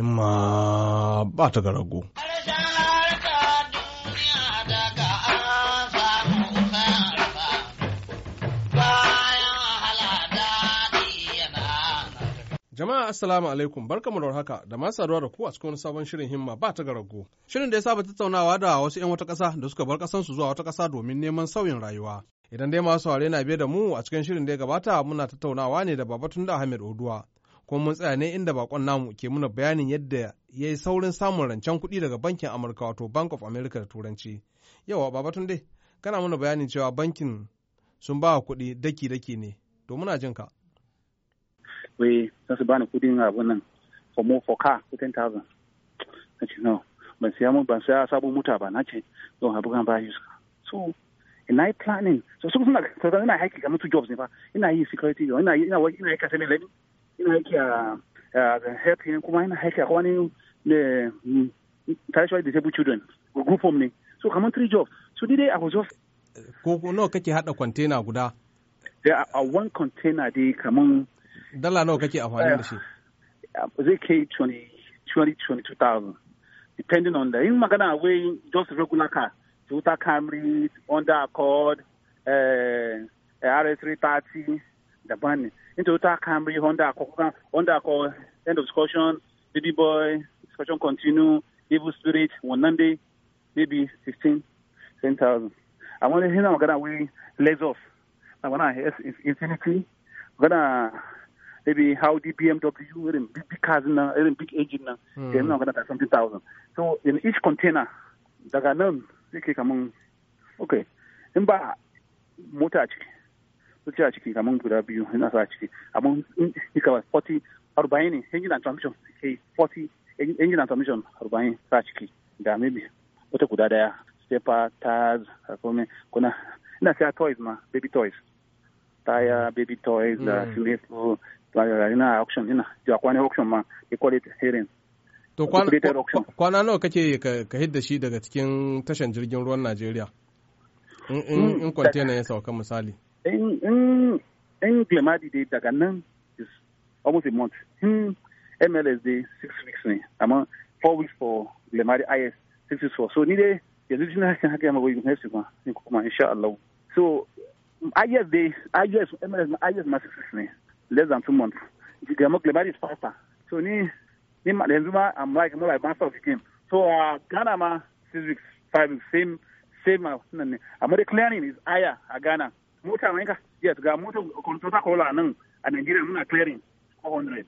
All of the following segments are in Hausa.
in ba ta ga rago. Jama'a Assalamu alaikum barkamu da haka da masu saduwa da ku a cikin wani sabon shirin himma ba ta garago. Shirin da ya saba tattaunawa da wasu 'yan wata ƙasa da suka bar ƙasansu zuwa wata ƙasa domin neman sauyin rayuwa. Idan dai masu saurare na biye da mu a cikin shirin da ya gabata muna tattaunawa ne da Babatun da Ahmed Oduwa kuma mun tsaya ne inda bakon namu ke muna bayanin yadda ya yi saurin samun rancen kuɗi daga bankin amurka wato bank of america da turanci yawa babatun dai kana muna bayanin cewa bankin sun ba kuɗi daki-daki ne to muna jin ka wai za su bani kuɗin abu nan for more for car for ten thousand na ce no ban siya mu ban siya sabon mota ba na ce don abu kan bayan ba so ina yi planning so su suna suna haiki kamar mutu jobs ne fa ina yi security ina yi ina yi ina yi kasance ina aiki kuma ina mm, disabled children group so three jobs so i was just ko nawa kake hada kwantena guda are uh, one container dai kamar dala no kake amfani da shi uh, uh, zai kai 20,000 depending on the in magana wai just regular car Toyota Camry Honda Accord uh, RS330 daban honda end of discussion baby boy discussion continue evil spirit wannan dai maybe 15 10000 amma dai yana magana wai lexus infinity maybe BMW, irin big, big cars na, in big engine na, mm. then I'm gonna have something thousand. So in each container, daga nan zai okay, ce a ciki kamar guda biyu ina sa a ciki amma in ka ba 40 arba'in ne engine and transmission ke 40 engine and transmission arba'in sa a ciki da maybe wata guda daya stepper tires kome kuna ina siya toys ma baby toys tire baby toys da hmm. simefu ina auction ina jakwane auction ma they call it herring To kwana nawa kake ka hidda shi daga cikin tashan jirgin ruwan Najeriya? In kwantena hmm. ya sauka misali. in in in Glemadi Day daga is almost a month. In MLS Day six weeks ne, am amma four weeks for Glemadi IS six weeks for. So ni dai yanzu jina kan haka yamma goyi next Ma, ni kuma insha Allah. So IS Day IS MLS IS ma six weeks ne less than two months. Gama Glemadi is faster. So ni ni ma I'm like more like master of the game. So uh, Ghana ma six weeks five weeks same same amma the clearing is higher Ghana. mota mai ka yes ga mota total kola nan a Nigeria muna clearing 400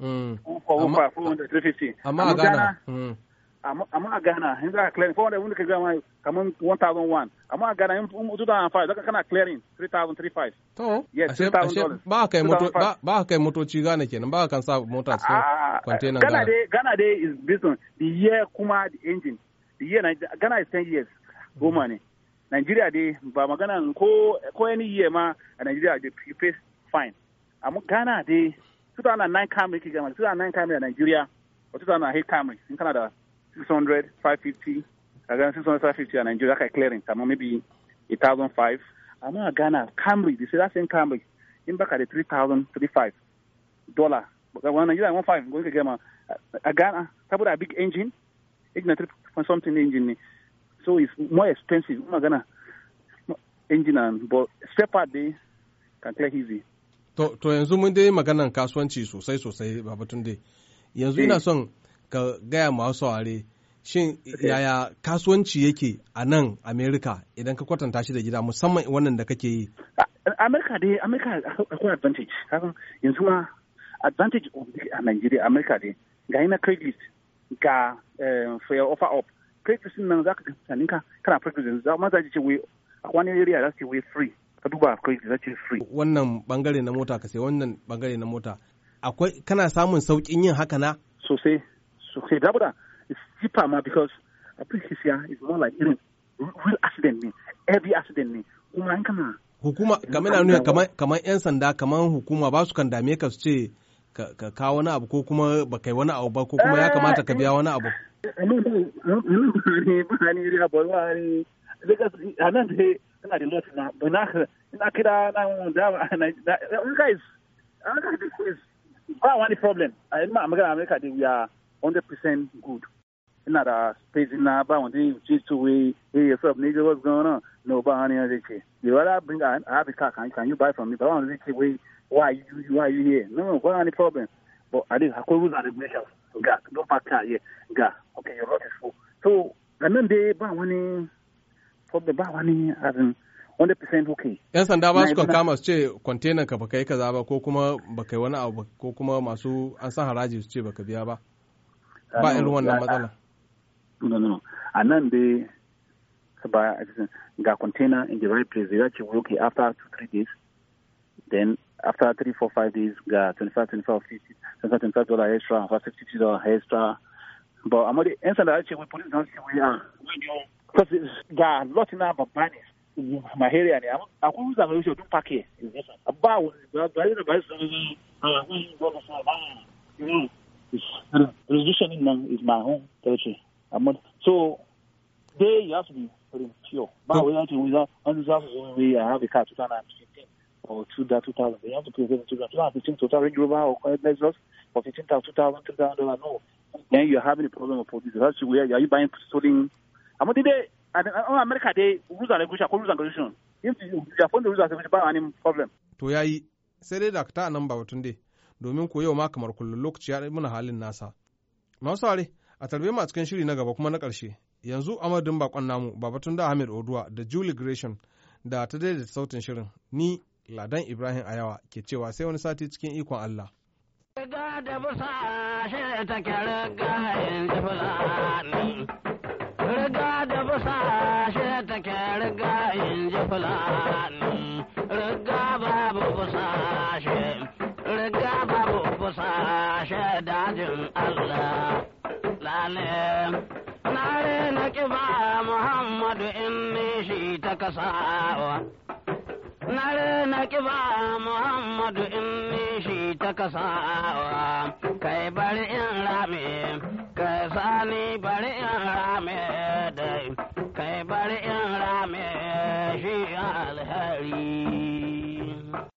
mm. for Uber 400 350 amma a Ghana mm. amma a Ghana in za ka clearing 400 wanda ka gama kamar 1001 amma a Ghana in 2005 zaka kana clearing 3035 to yes 3000 ba kai moto ba kai motoci Ghana kenan ba kan sa mota su ah, container Ghana dai Ghana dai is business the year kuma the engine the year Ghana is 10 years goma ne Nigeria, dai ba magana ko ko any year ma a Najeriya dai you pay fine. Amma Ghana dai 2009 Camry ke 2009 Camry a Najeriya or 2008 Camry in Canada da 600 550 a Ghana 600 550 a Najeriya kai clearance amma maybe 1005 amma a Ghana Camry say that same Camry in back at 3000 35 dollar But wannan yana 15 gobe ka gama a uh, uh, Ghana saboda a big engine ignorant something engine ne so it's more expensive magana engine and but separate day can clear easy to to yanzu mun dai maganan kasuwanci sosai sosai babatun dai yanzu ina eh. son ka gaya masu saurare shin yaya kasuwanci yake a nan america idan ka kwatanta shi da gida musamman wannan da kake yi america dai america akwai advantage yanzu ma advantage a nigeria america dai ga ina credit ga eh, fair offer up kai kristin nan za ka gani tunanin ka kana practice za amma za ce we a wani area za ce we free ka duba kai za ce free wannan bangare na mota ka sai wannan bangare na mota akwai kana samun saukin yin haka na sosai sosai da buda is cheaper ma because abin hisiya is more like irin real accident ne every accident ne kuma an kana hukuma game na nuna kamar yan sanda kamar hukuma ba su kan dame ka su ce ka kawo wani abu ko kuma ba kai wani abu ba ko kuma ya ah, kamata ka eh. biya wani abu a nan dai ina da lot na don haka ina kira na dama you guys ba wani problem a yanzu a magana america dai we are 100% good ina da space na ba wanda you just to we hey yourself nigga what's going on no ba hani zai ce you rather bring I have a car can, can you buy from me ba wanda zai ce why you why you here no no ba wani problem but I think akwai rules and regulations ga don fata ya ga ok you wrote it for so nan dai ba wani problem ba wani abin wanda percent ok yan sanda ba su kan kama su ce kwantenan ka baka yi kaza ba ko kuma baka yi wani abu ko kuma masu an san haraji su ce baka biya ba ah, ba irin wannan matsala no no a nan dai ba ga container in the right place ya ce okay after 2-3 days then after three, four, five days, we 25, 25, 50, 25, dollar extra, or 50 dollar extra. But I'm already inside the actually, we police don't see where we are. Because there are a lot in our in my area. I am going to use a solution to pack it. About, but I don't know. Resolution is my own. territory. I'm not, so, there you have to be pretty sure. But we have not we have, on this house, we have a car to turn out. see. or two thousand two thousand. They have to present the children. Two thousand fifteen total Range Rover or Quiet Lexus for fifteen thousand, two thousand, three thousand dollars. No, then you're having a problem of producing That's where are you buying stolen? I'm not today. and On America, they rules and regulation. call Rules and regulation. If you are following the rules and regulation, ba any problem. To yayi sai dai dakta a nan ba batun dai domin ko yau ma kamar kullum lokaci ya muna halin nasa. Masu ware a tarbe ma cikin shiri na gaba kuma na ƙarshe yanzu amadin bakon namu babatun da Ahmed Oduwa da Julie Gresham da ta daidaita sautin shirin ni Ladan Ibrahim Ayawa ke cewa sai wani sati cikin ikon Allah. Riga da busa shi ta riga in ji fulani. Riga babu busa shi, riga babu busa shi dajin Allah. Lale, na na ƙiba Muhammadu in shi ta kasawa. kar na kiba Muhammadu in ni shi ta kasawa kai bari in rame kai sani bari in rame dai kai bari in rame shi alheri